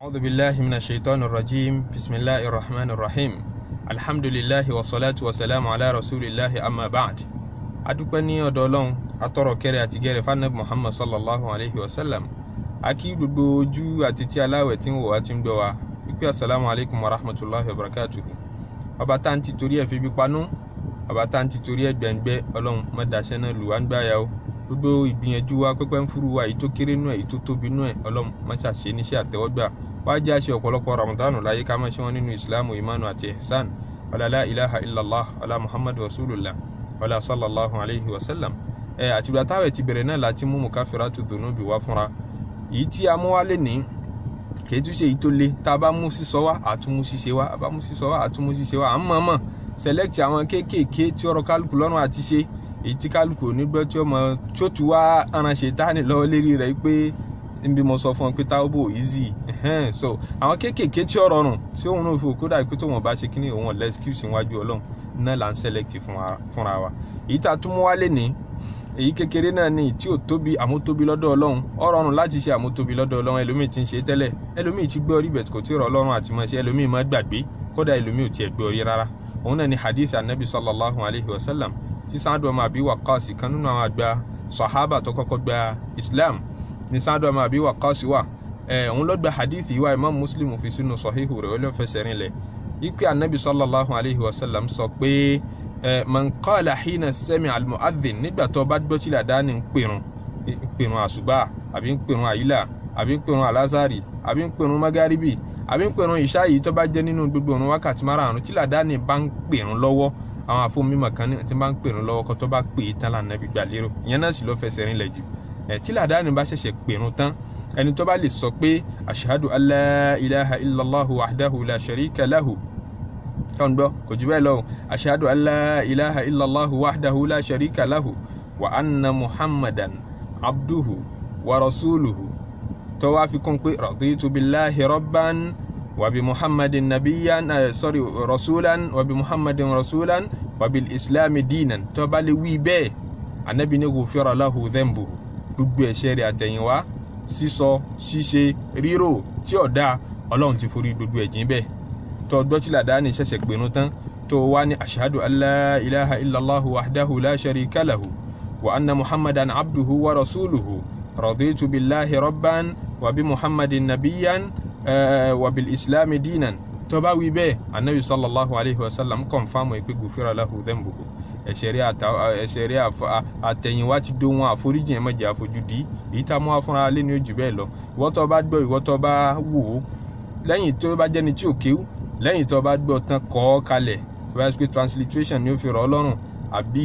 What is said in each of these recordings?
أعوذ بالله من الشيطان الرجيم بسم الله الرحمن الرحيم الحمد لله والصلاة والسلام على رسول الله أما بعد adúpẹ́ ní ọ̀dọ̀ ọlọ́run atọ́rọ̀ kẹrẹ àti gẹrẹ fanab muhammad sallallahu alayhi wa sallam akí gbogbo ojú àti tí aláwẹ̀ tí ń wò wá ti ń gbọ́ wa wípé asalaamu alaykum wa rahmatulahi wa barakatuh ọba tá à ń ti torí ẹ̀ fi bí panú ọba tá à ń ti torí ẹ̀ gbẹ̀ngbẹ́ ọlọ́run mọ́dàṣẹ́ náà lù wá ń gbáyà o gbogbo ìgbìyànjú wa pẹ́pẹ́ ń furu wa èyí tó kéré nú ẹ̀ èyí tó tóbi nú ẹ̀ ọlọ́run mọ́ṣáṣe níṣẹ́ àtẹ́wọ́gbà wá jẹ́ àṣẹ ọ̀pọ̀lọpọ̀ ramadanu láyé ká máa ṣe wọn nínú ìsìlámù ìmánu àti ihsan ọ̀làlá ilaha illallah ọ̀là muhammad rasulullah ọ̀là sallallahu alayhi wa sallam ẹ àtìgbà táwẹ̀ ti bẹ̀rẹ̀ náà láti mú mukafiratu dhunubi wá fúnra èyí tí a mú wá lé ní kìí tún ṣe èyí tó le tá a bá mú sísọ wá àtúmú ṣíṣe wá a bá mú sísọ wá àtúmú ṣíṣe wá à ń mọ̀ọ́mọ̀ select àwọn kéékèèké tí ọ̀rọ̀ kálukú lọ́rùn àti ṣe èyí tí kálukú ò tí ó mọ̀ tí wá aránṣẹ́ dání lọ́wọ́ lérí rẹ̀ pé níbi mo sọ fún ọ pé Táíwò easy so àwọn kéékèèké tí ó rọrùn tí òun náà fi òkú dà pé tóun bá ṣe kí ni òun ọ̀lẹ́ excuse níwájú ọlọ́run náà là ń select fúnra wa èyí tá a tún mú wálé ní èyí kékeré náà ni tí ò tóbi àmútóbi lọ́dọ̀ ọlọ́run ó rọrùn láti ṣe àmútóbi lọ́dọ̀ ọlọ́run ẹlòmíì ti ń ṣe tẹ́lẹ̀ ẹlòmíì ti gbé orí bẹ̀tù kò tí ì rọ ọlọ́run àti mọ̀ ṣe ẹlòmíì má gbàgbé kódà ẹlòmíì ò tiẹ̀ gbé orí rárá òun náà ni hadith anabi sallallahu alayhi wa sallam tí sáádùn ọmọ àbí wàkọ́ọ̀sì kan nínú àwọn àgbà sahaba tó kọ́kọ́ gba islam ní Sa'du ọmọ Abi Waqqas wà òun ló gba hadithi wa imam muslim fi sínú sọ̀híhù rẹ̀ olóò fẹsẹ̀ rinlẹ̀ ikú anabi sallallahu alayhi wa sallam sọ pé man qala hina sami'a al-mu'adhdhin nígbà tó bá gbọ́ tí làdáni ń pèrún pèrún àṣùbà àbí ń pèrún àyílà àbí ń pèrún alásàrì àbí ń pèrún magaribi àbí ń pèrún ìṣá yìí tó bá jẹ́ nínú gbogbo òun wákàtí márùn-ún tí làdáni bá ń pèrún lọ́wọ́ àwọn àfọmímọ̀ kan tí bá ń pèrún lọ́wọ́ kó tó bá pè é tán lànà gbígbà lérò ìyẹn náà sì ló fẹsẹ̀ rinlẹ̀ jù ẹ̀ tí làdáni bá ṣẹ̀ṣẹ̀ pèrún tán ẹni tó bá lè sọ pé ashhadu alla ilaha illallahu wahdahu la sharika lahu ẹ̀wọ̀n gbọ́ kò jù bẹ́ẹ̀ lọ ashhadu alla ilaha illallahu wahdahu la sharika lahu wa anna muhammadan abduhu wa rasuluhu tó wá fi kún pé raditu billahi rabban wabi muhammadin nabiyan uh, eh, sorry rasulan wabi muhammadin rasulan wabi islami dinan tó bá lè wí bẹ́ẹ̀ anabi ní ghufira lahu dhanbuhu gbogbo ẹ̀ṣẹ̀ rẹ̀ àtẹ̀yìnwá sísọ ṣíṣe rírò tí ọ̀dà ọlọ́run ti forí gbogbo ẹ̀jìn bẹ́ẹ̀ tó ọgbọ́ tí làdáni ṣẹ̀ṣẹ̀ pinnu tán tó wá ní ashhadu an la ilaha illallahu wahdahu la sharika lahu wa anna muhammadan abduhu wa rasuluhu raditu billahi rabban wa bi muhammadin nabiyan eh, eh, wa bil islami dinan tó bá wí bẹ́ẹ̀ anabi sallallahu alayhi wa sallam kọ́nfàmù ìpè gufira lahu dhanbuhu ẹ̀ṣẹ̀ rẹ̀ ẹ̀ṣẹ̀ rẹ̀ àtẹ̀yìnwá ti dó wọn àforíjì ẹ̀ mọ̀jẹ̀ àfojúdi èyí tá a mú wá fúnra lé ní ojú bẹ́ẹ̀ lọ ìwọ tó bá gbọ́ ìwọ tó bá wò ó lẹ́yìn tó bá jẹ́ni tí ò kéwú lẹ́yìn tó bá gbọ́ tán kọ́ ọ kalẹ̀ tó bá yẹ pé transliteration ni ó fi rọ̀ ọ́ lọ́rùn àbí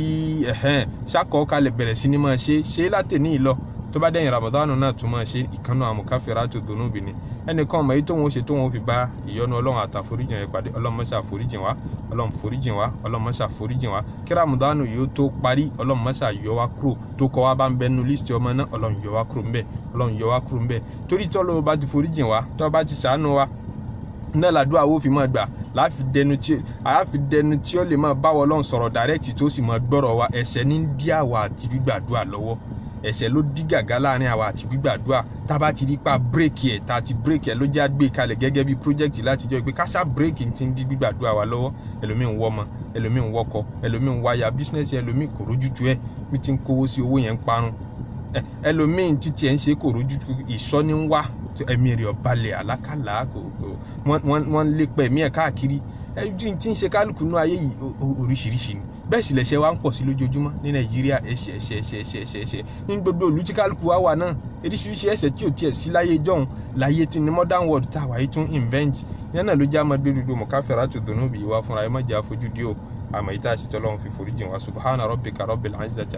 ẹ̀hẹ́n ṣàkọ́ ọ kalẹ̀ bẹ̀rẹ̀ sí ni máa ṣe ṣe látẹ̀ ní ìlọ tó bá dẹ̀yìn Ramadan náà tún máa ṣe ìkànnà àmùkáfẹ́ra tó dùnú bìnrin ẹnìkan mọ̀ èyí tó wọn ó ṣe tó wọn ó fi bá ìyọ́nú ọlọ́run àtàforíjìn rẹ̀ pàdé ọlọ́run mọ́ṣà foríjìn wa ọlọ́run foríjìn wa ọlọ́run mọ́ṣà foríjìn wa kí ramudanu yóò tó parí ọlọ́run mọ́ṣà yọ wá kúrò tó kọ́ wa bá ń bẹ nu lísìtì ọmọ náà ọlọ́run yọ wá kúrò ń bẹ̀ ọlọ́run yọ wá kúrò ń bẹ̀ torí tọ́lọ́ bá ti foríjìn wa tọ́ bá ti ṣàánú wa náà làdúrà wo fi máa gbà láàfi dẹnu tí ó lè máa báwọ ọlọ́run sọ̀rọ̀ dàrẹ́tì tó sì máa gbọ́rọ̀ wa ẹ̀ṣẹ̀ ní díàwà àti gbígbàdúrà lọ́wọ́ ẹ̀ṣẹ̀ ló dí gàgá láàrin àwa àti gbígbàdúrà tá ti rí pa bírèkì ẹ̀ tá a ti bírèkì ẹ̀ ló jẹ́ àgbè kalẹ̀ gẹ́gẹ́ bí project látijọ́ pé káṣá bírèkì ti ń dí gbígbàdúrà wa lọ́wọ́ ẹlòmíì ń wọ́ ọmọ ẹlòmíì ń wọ́kọ ẹlòmíì ń wáyà bísínẹ́sì ẹlòmíì kò rójútu ẹ bí ti ń kówó sí owó yẹn ń parun ẹlòmíì títí ẹ̀ ń ṣe kò rójútu ìsọ́ ní ń wá ẹ̀mí rẹ̀ ọ̀balẹ̀ àlákàlà kò kò wọ́n ń lépa ẹ̀mí ẹ̀ káàkiri ẹ̀jú tí ń ṣe kálukú nú ayé yìí oríṣiríṣi ni bẹ́ẹ̀ sì lẹ̀ṣẹ̀ wa ń pọ̀ sí lójoojúmọ́ ní nàìjíríà ẹ̀ṣẹ̀ ẹ̀ṣẹ̀ ẹ̀ṣẹ̀ ẹ̀ṣẹ̀ ẹ̀ṣẹ̀ ẹ̀ṣẹ̀ ní gbogbo òlú tí kálukú wa wà náà eríṣiríṣi ẹ̀ṣẹ̀ tí ò tiẹ̀ sí láyé jọ̀hún láyé tí ní modern world tá a wáyé tún invent yẹn náà ló já máa gbé dodo mọ̀káfẹ́ra tó dùnú bí wa fúnra ẹ má jẹ́ àfojú dí o àmọ́ ìta àṣetọ́ lọ́hún fi forí jìn wá subhana rabbika rabbil izzati